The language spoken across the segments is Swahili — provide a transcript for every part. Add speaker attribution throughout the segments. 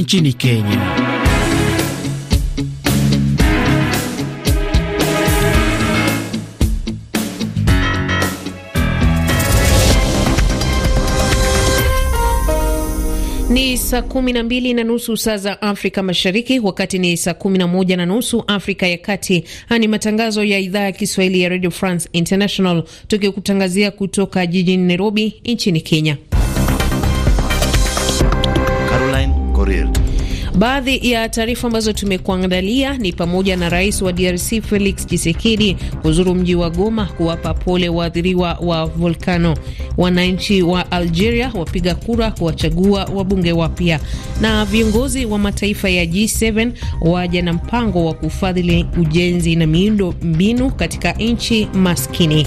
Speaker 1: nchini Kenya.
Speaker 2: Ni saa kumi na mbili na nusu saa za Afrika Mashariki, wakati ni saa kumi na moja na nusu Afrika ya Kati. Haya ni matangazo ya idhaa ya Kiswahili ya Radio France International, tukikutangazia kutoka jijini Nairobi nchini Kenya. Baadhi ya taarifa ambazo tumekuandalia ni pamoja na rais wa DRC Felix Tshisekedi kuzuru mji wa Goma kuwapa pole waathiriwa wa volkano, wananchi wa Algeria wapiga kura kuwachagua wabunge wapya, na viongozi wa mataifa ya G7 waja na mpango wa kufadhili ujenzi na miundo mbinu katika nchi maskini.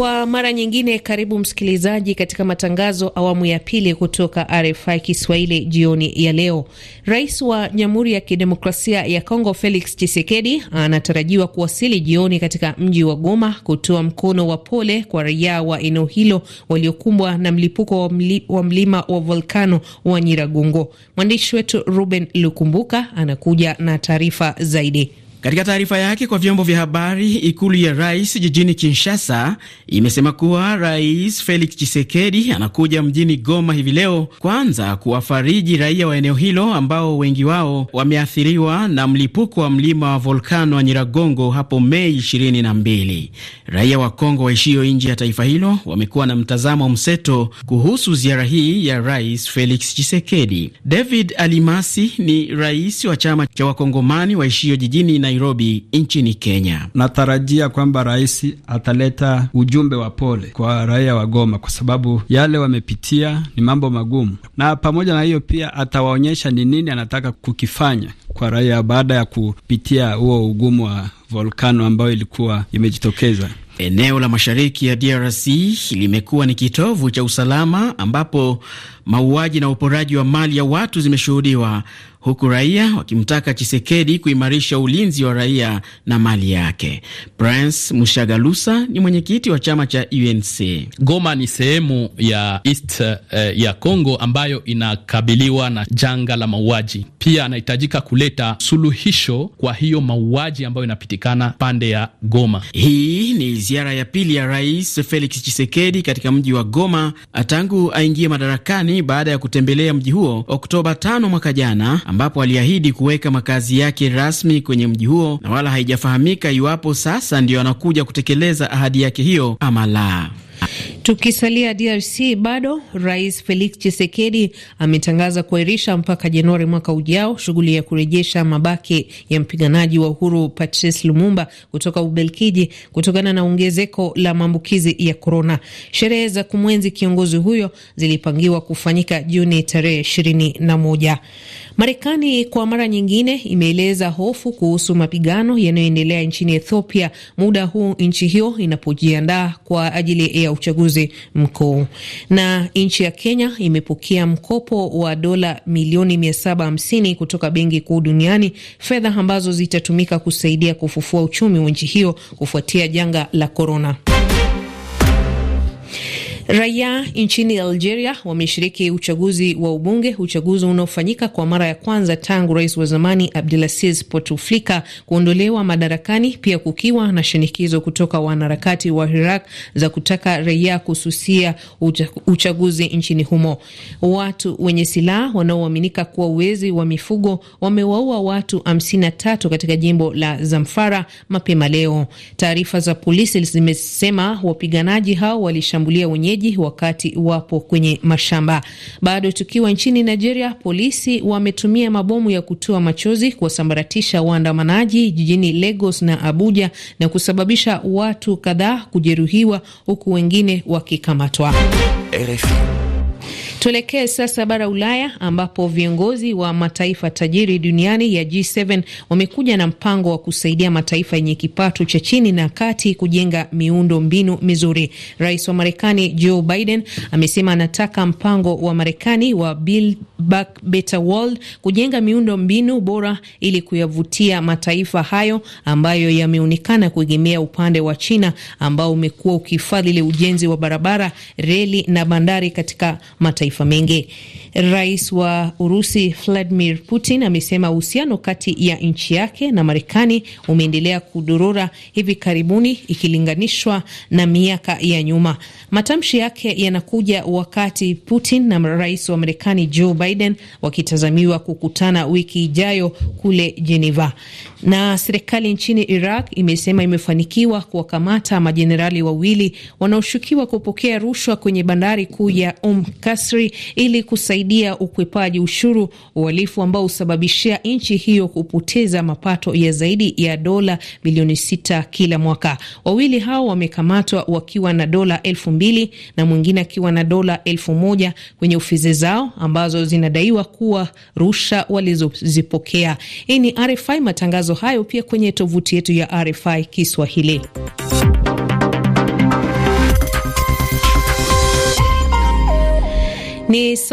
Speaker 2: Kwa mara nyingine, karibu msikilizaji katika matangazo awamu ya pili kutoka RFI Kiswahili jioni ya leo. Rais wa Jamhuri ya Kidemokrasia ya Kongo Felix Tshisekedi anatarajiwa kuwasili jioni katika mji wa Goma kutoa mkono wa pole kwa raia wa eneo hilo waliokumbwa na mlipuko wa, mli, wa mlima wa volkano wa Nyiragongo. Mwandishi wetu Ruben Lukumbuka anakuja na
Speaker 1: taarifa zaidi. Katika taarifa yake kwa vyombo vya habari, ikulu ya rais jijini Kinshasa imesema kuwa Rais Felix Tshisekedi anakuja mjini Goma hivi leo, kwanza kuwafariji raia wa eneo hilo ambao wengi wao wameathiriwa na mlipuko wa mlima wa volkano wa Nyiragongo hapo Mei 22. Raia wa Kongo waishio nje ya taifa hilo wamekuwa na mtazamo mseto kuhusu ziara hii ya Rais Felix Tshisekedi. David Alimasi ni rais wa chama cha wakongomani waishio jijini na Nairobi nchini Kenya. Natarajia kwamba rais ataleta ujumbe wa pole kwa raia wa Goma kwa sababu yale wamepitia ni mambo magumu, na pamoja na hiyo pia atawaonyesha ni nini anataka kukifanya kwa raia baada ya kupitia huo ugumu wa volkano ambayo ilikuwa imejitokeza. Eneo la mashariki ya DRC limekuwa ni kitovu cha usalama ambapo mauaji na uporaji wa mali ya watu zimeshuhudiwa huku raia wakimtaka Chisekedi kuimarisha ulinzi wa raia na mali yake. Prince Mushagalusa ni mwenyekiti wa chama cha UNC. Goma ni sehemu ya east eh, ya Congo ambayo inakabiliwa na janga la mauaji. Pia anahitajika kuleta suluhisho kwa hiyo mauaji ambayo inapitikana pande ya Goma. Hii ni ziara ya pili ya Rais Felix Chisekedi katika mji wa Goma tangu aingie madarakani baada ya kutembelea mji huo Oktoba 5 mwaka jana ambapo aliahidi kuweka makazi yake rasmi kwenye mji huo, na wala haijafahamika iwapo sasa ndiyo anakuja kutekeleza ahadi yake hiyo ama la.
Speaker 2: Tukisalia DRC bado, Rais Felix Tshisekedi ametangaza kuahirisha mpaka Januari mwaka ujao shughuli ya kurejesha mabaki ya mpiganaji wa uhuru Patrice Lumumba kutoka ubelkiji kutokana na ongezeko la maambukizi ya korona. Sherehe za kumwenzi kiongozi huyo zilipangiwa kufanyika Juni tarehe ishirini na moja. Marekani kwa mara nyingine imeeleza hofu kuhusu mapigano yanayoendelea nchini Ethiopia, muda huu nchi hiyo inapojiandaa kwa ajili ya uchaguzi mkuu. Na nchi ya Kenya imepokea mkopo wa dola milioni 750 kutoka Benki Kuu Duniani, fedha ambazo zitatumika kusaidia kufufua uchumi wa nchi hiyo kufuatia janga la korona. Raia nchini Algeria wameshiriki uchaguzi wa ubunge, uchaguzi unaofanyika kwa mara ya kwanza tangu rais wa zamani Abdelaziz Bouteflika kuondolewa madarakani, pia kukiwa na shinikizo kutoka wanaharakati wa Iraq za kutaka raia kususia uchaguzi nchini humo. Watu wenye silaha wanaoaminika kuwa uwezi wa mifugo wamewaua watu 53 katika jimbo la Zamfara mapema leo. Taarifa za polisi zimesema wapiganaji hao walishambulia wenyeji wenyeji wakati wapo kwenye mashamba. Bado tukiwa nchini Nigeria, polisi wametumia mabomu ya kutoa machozi kuwasambaratisha waandamanaji jijini Lagos na Abuja na kusababisha watu kadhaa kujeruhiwa huku wengine wakikamatwa.
Speaker 1: RFI.
Speaker 2: Tuelekee sasa bara Ulaya ambapo viongozi wa mataifa tajiri duniani ya G7 wamekuja na mpango wa kusaidia mataifa yenye kipato cha chini na kati kujenga miundo mbinu mizuri. Rais wa Marekani Joe Biden amesema anataka mpango wa Marekani wa Build Back Better World kujenga miundo mbinu bora ili kuyavutia mataifa hayo ambayo yameonekana kuegemea upande wa China ambao umekuwa ukifadhili ujenzi wa barabara, reli na bandari katika mataifa mataifa mengi. Rais wa Urusi Vladimir Putin amesema uhusiano kati ya nchi yake na Marekani umeendelea kudorora hivi karibuni ikilinganishwa na miaka ya nyuma. Matamshi yake yanakuja wakati Putin na rais wa Marekani Joe Biden wakitazamiwa kukutana wiki ijayo kule Geneva. Na serikali nchini Iraq imesema imefanikiwa kuwakamata majenerali wawili wanaoshukiwa kupokea rushwa kwenye bandari kuu ya Umm Qasr siri ili kusaidia ukwepaji ushuru, uhalifu ambao husababishia nchi hiyo kupoteza mapato ya zaidi ya dola bilioni sita kila mwaka. Wawili hao wamekamatwa wakiwa na dola elfu mbili na mwingine akiwa na dola elfu moja kwenye ofisi zao ambazo zinadaiwa kuwa rusha walizozipokea. Hii ni RFI, matangazo hayo pia kwenye tovuti yetu ya RFI Kiswahili. ni